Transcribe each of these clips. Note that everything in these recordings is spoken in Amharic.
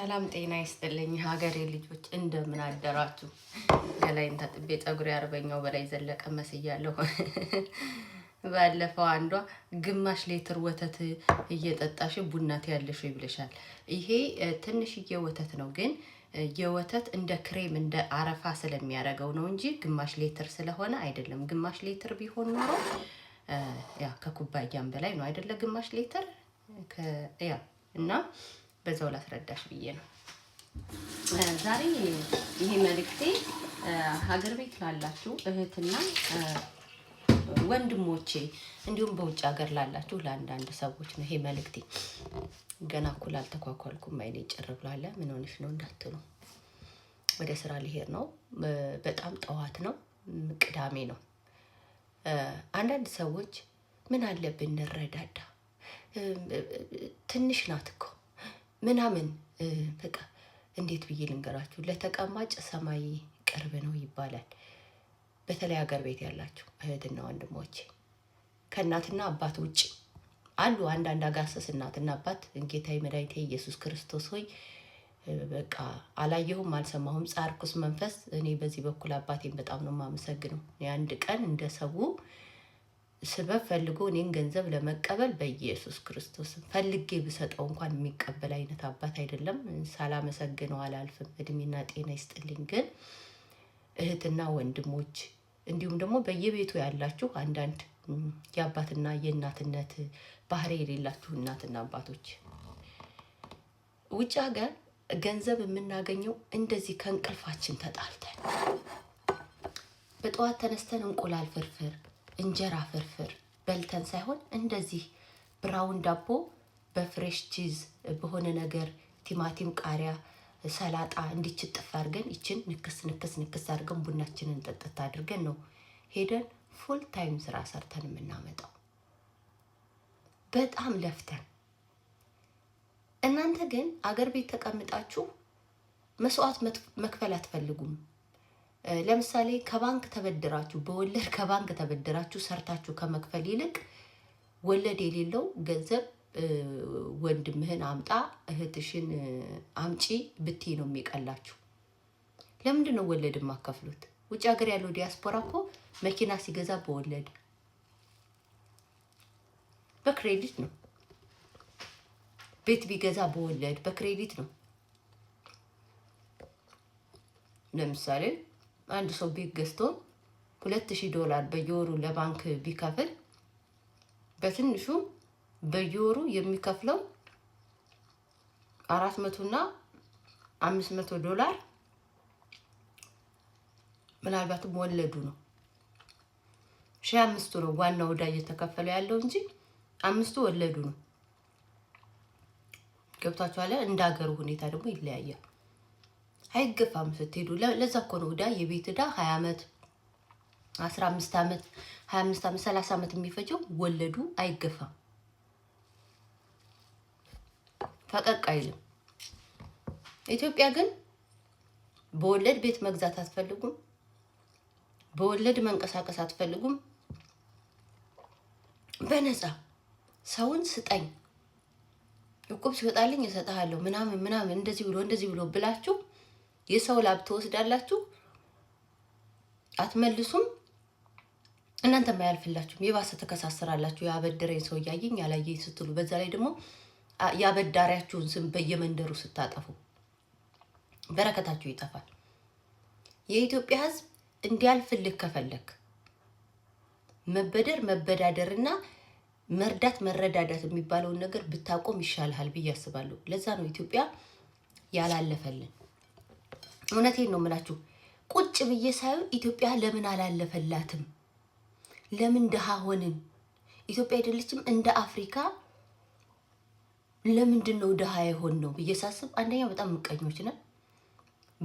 ሰላም ጤና ይስጥልኝ ሀገሬ ልጆች እንደምን አደራችሁ? ገላይን ታጥቤ ፀጉሬ አርበኛው በላይ ዘለቀ መስያለሁ። ባለፈው አንዷ ግማሽ ሌትር ወተት እየጠጣሽ ቡናት ያለሽ ይብልሻል። ይሄ ትንሽዬ ወተት ነው ግን የወተት እንደ ክሬም እንደ አረፋ ስለሚያደርገው ነው እንጂ ግማሽ ሌትር ስለሆነ አይደለም። ግማሽ ሌትር ቢሆን ኖሮ ያ ከኩባያም በላይ ነው አይደለ? ግማሽ ሌትር ያ እና በዛው ላስረዳሽ ብዬ ነው። ዛሬ ይሄ መልእክቴ ሀገር ቤት ላላችሁ እህትና ወንድሞቼ እንዲሁም በውጭ ሀገር ላላችሁ ለአንዳንድ ሰዎች ነው ይሄ መልእክቴ። ገና እኩል አልተኳኳልኩም፣ አይኔ ጭር ብሏል። ምን ሆነሽ ነው እንዳትሉ፣ ወደ ስራ ሊሄድ ነው። በጣም ጠዋት ነው፣ ቅዳሜ ነው። አንዳንድ ሰዎች ምን አለ ብንረዳዳ፣ ትንሽ ናት እኮ ምናምን በቃ እንዴት ብዬ ልንገራችሁ፣ ለተቀማጭ ሰማይ ቅርብ ነው ይባላል። በተለይ ሀገር ቤት ያላችሁ እህትና ወንድሞች ከእናትና አባት ውጭ አሉ አንዳንድ አጋሰስ እናትና አባት ጌታዬ መድኃኒቴ ኢየሱስ ክርስቶስ ሆይ በቃ አላየሁም፣ አልሰማሁም፣ ጻርኩስ መንፈስ እኔ በዚህ በኩል አባቴን በጣም ነው የማመሰግነው። አንድ ቀን እንደሰው ስበብ ፈልጎ እኔን ገንዘብ ለመቀበል በኢየሱስ ክርስቶስ ፈልጌ ብሰጠው እንኳን የሚቀበል አይነት አባት አይደለም። ሳላመሰግነው አላልፍም። እድሜና ጤና ይስጥልኝ። ግን እህትና ወንድሞች እንዲሁም ደግሞ በየቤቱ ያላችሁ አንዳንድ የአባትና የእናትነት ባህሪ የሌላችሁ እናትና አባቶች ውጭ ሀገር ገንዘብ የምናገኘው እንደዚህ ከእንቅልፋችን ተጣልተን በጠዋት ተነስተን እንቁላል ፍርፍር እንጀራ ፍርፍር በልተን ሳይሆን እንደዚህ ብራውን ዳቦ በፍሬሽ ቺዝ በሆነ ነገር ቲማቲም፣ ቃሪያ፣ ሰላጣ እንዲችጥፍ አድርገን ይችን ንክስ ንክስ ንክስ አድርገን ቡናችንን ጠጥታ አድርገን ነው ሄደን ፉል ታይም ስራ ሰርተን የምናመጣው በጣም ለፍተን። እናንተ ግን አገር ቤት ተቀምጣችሁ መስዋዕት መክፈል አትፈልጉም። ለምሳሌ ከባንክ ተበድራችሁ በወለድ ከባንክ ተበድራችሁ ሰርታችሁ ከመክፈል ይልቅ ወለድ የሌለው ገንዘብ ወንድምህን አምጣ እህትሽን አምጪ ብቴ ነው የሚቀላችሁ። ለምንድን ነው ወለድ የማከፍሉት? ውጭ ሀገር ያለው ዲያስፖራ እኮ መኪና ሲገዛ በወለድ በክሬዲት ነው። ቤት ቢገዛ በወለድ በክሬዲት ነው። ለምሳሌ አንድ ሰው ቤት ገዝቶ ሁለት ሺህ ዶላር በየወሩ ለባንክ ቢከፍል በትንሹ በየወሩ የሚከፍለው አራት መቶና አምስት መቶ ዶላር ምናልባትም ወለዱ ነው። ሺህ አምስቱ ነው ዋና ወዳ እየተከፈለ ያለው እንጂ አምስቱ ወለዱ ነው። ገብቷችኋል? እንደ ሀገሩ ሁኔታ ደግሞ ይለያያል። አይገፋም ስትሄዱ። ለዛ እኮ ነው ዕዳ የቤት ዳ ሀያ ዓመት አስራ አምስት ዓመት ሀያ አምስት ዓመት ሰላሳ ዓመት የሚፈጀው ወለዱ አይገፋም፣ ፈቀቅ አይልም። ኢትዮጵያ ግን በወለድ ቤት መግዛት አትፈልጉም፣ በወለድ መንቀሳቀስ አትፈልጉም። በነፃ ሰውን ስጠኝ እቁብ ሲወጣልኝ እሰጥሃለሁ ምናምን ምናምን እንደዚህ ብሎ እንደዚህ ብሎ ብላችሁ የሰው ላብ ትወስዳላችሁ፣ አትመልሱም። እናንተም አያልፍላችሁም። የባሰ ተከሳሰራላችሁ። ያበደረኝ ሰው እያየኝ ያላየኝ ስትሉ፣ በዛ ላይ ደግሞ ያበዳሪያችሁን ስም በየመንደሩ ስታጠፉ በረከታችሁ ይጠፋል። የኢትዮጵያ ሕዝብ እንዲያልፍልህ ከፈለክ መበደር መበዳደርና መርዳት መረዳዳት የሚባለውን ነገር ብታቆም ይሻልሃል ብዬ አስባለሁ። ለዛ ነው ኢትዮጵያ ያላለፈልን። እውነቴን ነው የምላችሁ። ቁጭ ብዬ ሳይሆን ኢትዮጵያ ለምን አላለፈላትም? ለምን ድሃ ሆንን? ኢትዮጵያ አይደለችም እንደ አፍሪካ ለምንድን ነው ድሃ የሆን ነው ብዬ ሳስብ፣ አንደኛ በጣም ምቀኞች ነን።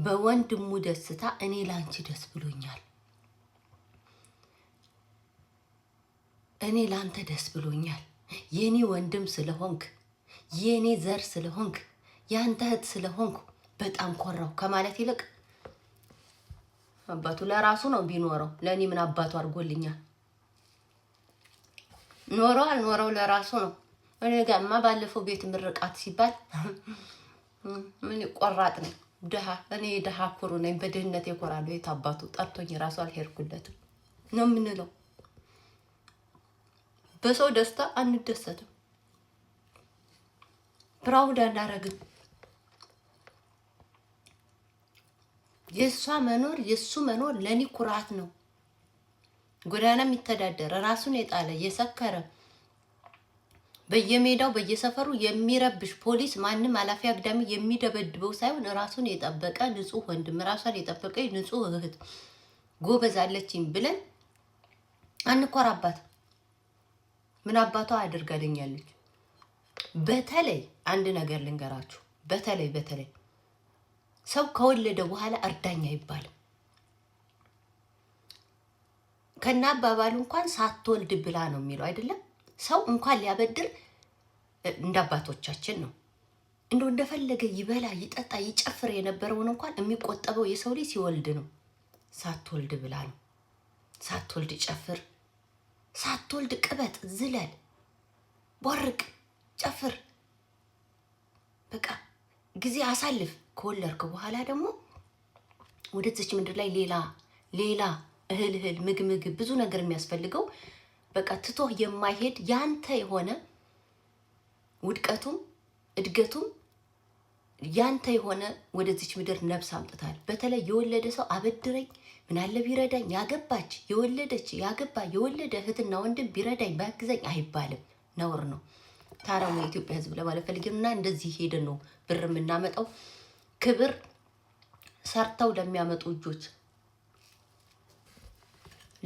በወንድሙ ደስታ እኔ ላንቺ ደስ ብሎኛል፣ እኔ ላንተ ደስ ብሎኛል። የኔ ወንድም ስለሆንክ፣ የኔ ዘር ስለሆንክ፣ የአንተ እህት ስለሆንኩ በጣም ኮራው ከማለት ይልቅ አባቱ ለራሱ ነው ቢኖረው ለእኔ ምን አባቱ አድርጎልኛል ኖረው አልኖረው ለራሱ ነው። እኔ ጋርማ ባለፈው ቤት ምርቃት ሲባል ምን ቆራጥ ነኝ ድሃ እኔ ድሃ ኩሩ ነኝ በድህነት የኮራሉ የት አባቱ ጠርቶኝ ራሱ አልሄድኩለትም ነው የምንለው። በሰው ደስታ አንደሰትም፣ ፕራውድ አናረግም። የእሷ መኖር የእሱ መኖር ለእኔ ኩራት ነው። ጎዳና የሚተዳደር ራሱን የጣለ የሰከረ በየሜዳው በየሰፈሩ የሚረብሽ ፖሊስ ማንም አላፊ አግዳሚ የሚደበድበው ሳይሆን ራሱን የጠበቀ ንጹህ ወንድም ራሷን የጠበቀ ንጹህ እህት ጎበዛለችኝ ብለን አንኮራባት። ምን አባቷ አድርጋልኛለች? በተለይ አንድ ነገር ልንገራችሁ። በተለይ በተለይ ሰው ከወለደ በኋላ እርዳኝ አይባልም። ከና አባባሉ እንኳን ሳትወልድ ብላ ነው የሚለው አይደለም። ሰው እንኳን ሊያበድር እንደ አባቶቻችን ነው እንደ እንደፈለገ ይበላ ይጠጣ ይጨፍር የነበረውን እንኳን የሚቆጠበው የሰው ልጅ ሲወልድ ነው። ሳትወልድ ብላ ነው። ሳትወልድ ጨፍር፣ ሳትወልድ ቅበጥ፣ ዝለል፣ ቦርቅ፣ ጨፍር፣ በቃ ጊዜ አሳልፍ ከወለድክ በኋላ ደግሞ ወደዚች ምድር ላይ ሌላ ሌላ እህል እህል ምግብ ምግብ ብዙ ነገር የሚያስፈልገው በቃ ትቶህ የማይሄድ ያንተ የሆነ ውድቀቱም እድገቱም ያንተ የሆነ ወደዚች ምድር ነብስ አምጥታል። በተለይ የወለደ ሰው አበድረኝ ምናለ ቢረዳኝ ያገባች የወለደች ያገባ የወለደ እህትና ወንድም ቢረዳኝ ባግዘኝ አይባልም፣ ነውር ነው። ታረሙ የኢትዮጵያ ሕዝብ ለማለት ፈልጌ እና እንደዚህ ሄደን ነው ብር የምናመጣው። ክብር ሰርተው ለሚያመጡ እጆች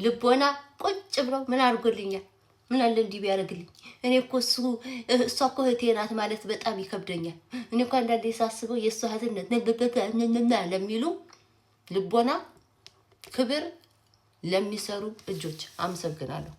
ልቦና ቁጭ ብለው ምን አድርጎልኛል? ምን አለ እንዲህ ቢያደርግልኝ? እኔ እኮ እሱ እሷ እኮ እህቴ ናት ማለት በጣም ይከብደኛል። እኔ እኮ አንዳንዴ ሳስበው የእሷ እህትነት ነገገገ ለሚሉ ልቦና ክብር ለሚሰሩ እጆች አመሰግናለሁ።